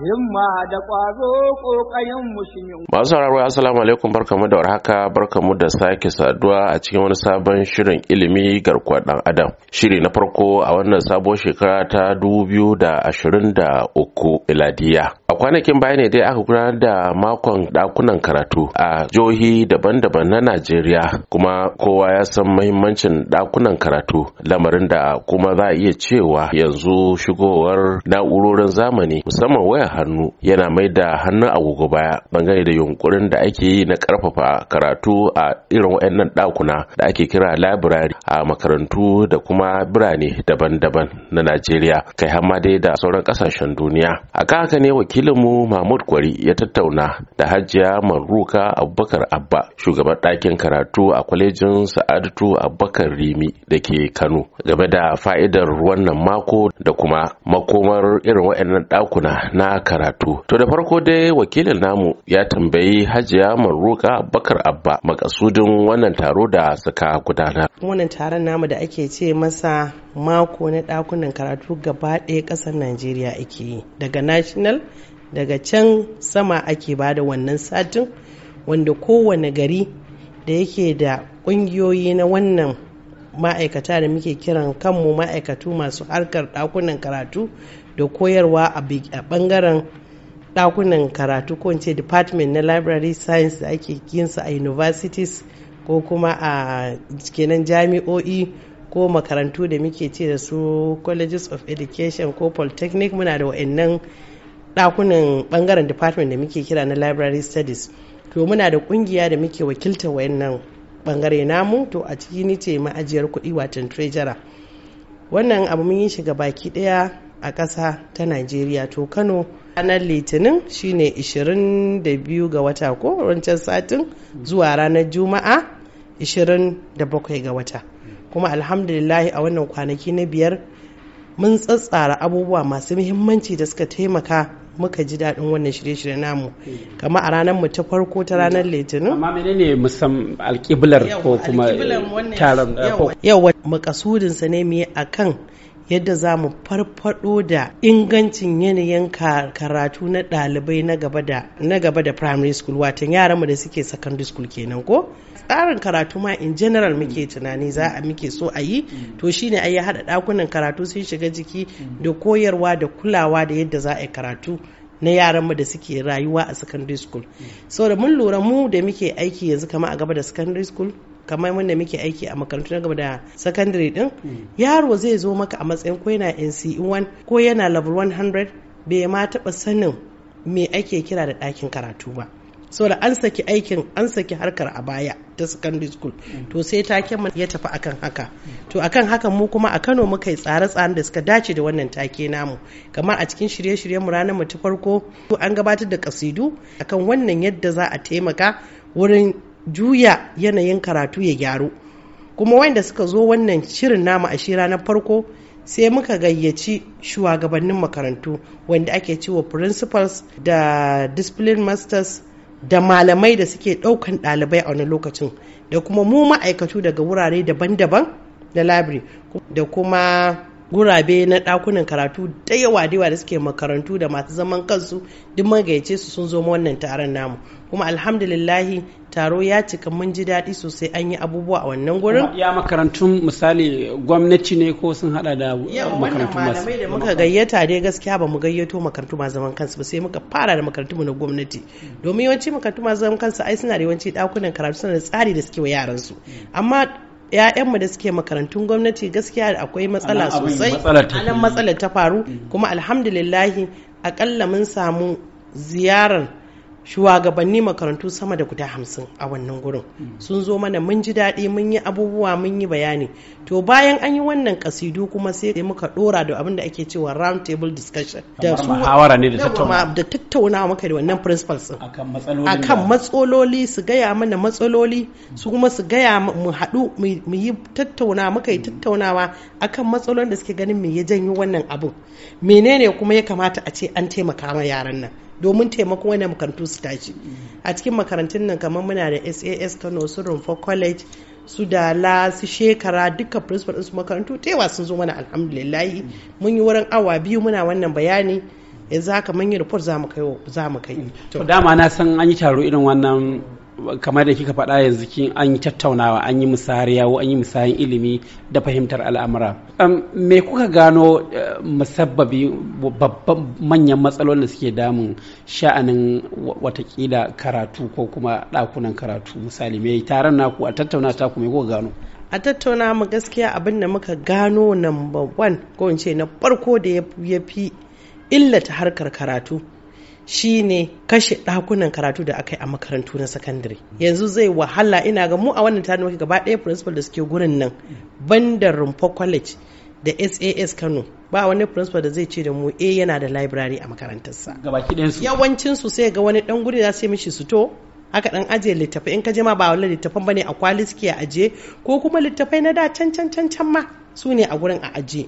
himma da ƙwazo ƙoƙayen musulmi. Masu sauraro assalamu alaikum barkamu da warhaka barkamu da sake saduwa a cikin wani sabon shirin ilimi garkuwar ɗan adam. Shiri na farko a wannan sabuwar shekara ta dubu da ashirin da uku miladiya. A kwanakin baya ne dai aka gudanar da makon ɗakunan karatu a jihohi daban-daban na Najeriya kuma kowa ya san mahimmancin ɗakunan karatu lamarin da kuma za a iya cewa yanzu shigowar na'urorin zamani musamman waya hannu yana mai da hannun agogo baya bangare da yunkurin da ake yi na karfafa karatu a irin waɗannan ɗakuna da ake kira labirari a makarantu da kuma birane daban-daban na Najeriya kai hamma dai da sauran ƙasashen duniya. A haka ne wakilinmu Mahmud Kwari ya tattauna da Hajiya Maruka Abubakar Abba shugaban ɗakin karatu a kwalejin Sa'adatu Abubakar Rimi da ke Kano game da fa'idar wannan mako da kuma makomar irin waɗannan ɗakuna na karatu to da farko dai wakilin namu ya tambayi hajiya maruka bakar abba makasudin wannan taro da suka gudanar wannan taron namu da ake ce masa mako na dakunan karatu gaba ɗaya ƙasar najeriya ake yi daga national daga can sama ake bada wannan satin wanda kowane gari da yake da ƙungiyoyi na wannan ma'aikata da muke kiran kanmu ma'aikatu masu harkar ɗakunan karatu da koyarwa a bangaren ɗakunan karatu ko ce department na library science da ake yinsa a universities ko kuma a kenan jami'o'i ko makarantu da muke ce da su colleges of education ko polytechnic muna da wa'annan ɗakunan bangaren department da muke kira na library studies to muna da kungiya da muke wakiltar wayannan bangare namu to a ciki ni ce ma'ajiyar kuɗi watan trejara wannan abu mun yi shiga baki ɗaya a ƙasa ta Najeriya to Kano ranar litinin shine 22 ga wata ko rancen satin zuwa ranar juma'a 27 ga wata kuma alhamdulillahi a wannan kwanaki na biyar mun tsatsara abubuwa masu muhimmanci da suka taimaka muka ji daɗin wannan shirye-shirye namu kama a ranar mu ta farko ta ranar litinin amma menene musam alƙiblar ko kuma taron eh, yawa makasudinsa ne mu yi akan yadda za mu farfado da ingancin yanayin karatu na dalibai na gaba da primary school watan yaran mu da suke secondary school kenan ko tsarin karatu ma in general muke tunani za a muke so a yi to shine a yi haɗa ɗakunan karatu sun shiga jiki da koyarwa da kulawa da yadda za a yi karatu na yaran mu da suke rayuwa a secondary school so mun lura mu da muke aiki yanzu kama a gaba da secondary school kamar wanda muke aiki a makarantu na gaba da secondary din yaro zai zo maka a matsayin ko yana NC1 e ko yana level 100 bai ma taba sanin me ake kira da ɗakin karatu ba saboda an saki aikin an saki harkar a baya ta secondary school to sai taken ya tafi akan haka to akan haka mu kuma a Kano muka yi tsare-tsaren da suka dace da wannan take namu kamar a cikin shirye-shiryen mu ranar mu ta farko an gabatar da kasidu akan wannan yadda za a taimaka wurin juya yanayin karatu ya gyaru kuma wanda suka zo wannan shirin namu a shira na farko sai muka gayyaci shugabannin makarantu wanda ake cewa principals da discipline masters da malamai da suke ɗaukan ɗalibai a wani lokacin da kuma mu ma'aikatu daga wurare daban-daban na library da kuma gurabe na ɗakunan karatu da yawa da da suke makarantu da masu zaman kansu duk magayace su sun zo wannan taron namu kuma alhamdulillahi taro ya cika mun ji daɗi sosai an yi abubuwa a wannan gurin ya makarantun misali gwamnati ne ko sun hada da makarantu masu malamai da muka gayyata dai gaskiya ba mu gayyato makarantu masu zaman kansu ba sai muka fara da makarantu na gwamnati domin yawanci makarantu masu zaman kansu ai suna da yawanci ɗakunan karatu suna da tsari da suke wa yaran su amma 'ya'yanmu da suke makarantun gwamnati gaskiya da akwai matsala sosai anan matsalar ta faru mm. kuma alhamdulillahi akalla mun samu ziyarar shugabanni makarantu sama da guda hamsin a wannan gurin hmm. sun zo mana mun ji daɗi mun yi abubuwa mun yi bayani to bayan an yi wannan kasidu kuma sai muka dora da abin da ake cewa round table discussion da su ne da tattaunawa da tattaunawa muka da wannan principles din akan matsaloli su gaya mana matsaloli su kuma su gaya mu haɗu mu yi tattauna muka yi hmm. tattaunawa akan matsalolin da suke ganin me ya janyo wannan abu menene kuma ya kamata a ce an taimaka ma yaran nan domin taimakon wani makarantu su tashi mm. a cikin makarantun nan kamar muna da sas kano su rumfa college su dala su shekara duka principal su makarantu tewa sun zo mana alhamdulillahi mm. mun yi wurin awa biyu muna wannan bayani yanzu haka mun yi report za mu kai za mu kai to dama na san an yi taro irin wannan kamar da kika faɗa yanzu kin an yi tattaunawa an yi misariya an yi misayin ilimi da fahimtar al'amura me kuka gano eh, musabbabi babban manyan matsalolin da suke damun sha'anin watakila karatu ko kuma ɗakunan karatu misali me taron naku a tattauna taku me kuka gano a tattauna mu gaskiya abin da muka gano number one ko in ce na farko da ya fi illata harkar karatu shine kashe ɗakunan karatu da aka yi a makarantu na sakandare yanzu zai wahala ina ga mu a wannan tarin gaba ɗaya principal da suke gurin nan banda Rumfo college da sas kano ba wani principal da zai ce da mu A eh, yana da library a makarantarsa yawancin su sai ga wani dan guri za su mishi su to aka dan ajiye littafai in ka je ma ba wani littafan bane a kwali suke ajiye ko kuma littafai na da can can can can ma su ne a gurin a aje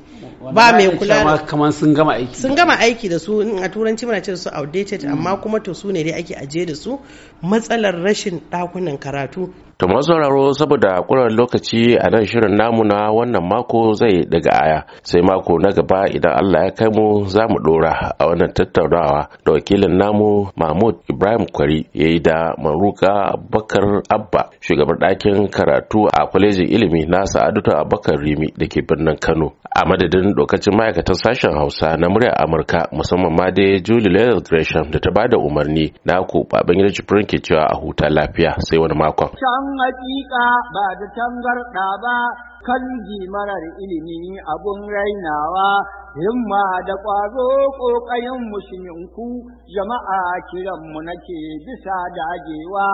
ba mai kula da kamar sun gama aiki sun gama aiki da su a turanci muna ce su outdated amma mm. kuma to su ne dai ake ajiye da su matsalar rashin dakunan karatu To sauraro saboda kuran lokaci a nan shirin namu na wannan mako zai daga aya sai mako na gaba idan Allah ya kai mu za mu dora a wannan tattaunawa da wakilin namu Mahmud Ibrahim Kwari ya yi da Maruka Bakar Abba shugaban ɗakin karatu a kwalejin ilimi na Sa'adatu Abubakar Rimi da ke birnin Kano. A madadin dokacin ma'aikatan sashen Hausa na muryar Amurka musamman ma dai Julie Leonard Gresham da ta bada umarni na ku babin gidan ke cewa a huta lafiya sai wani makon. hakika ba da tangarɗa ba kan marar ilimi abun rainawa himma da ƙwazo ƙoƙarin musulunku, jama'a kiranmu nake bisa dagewa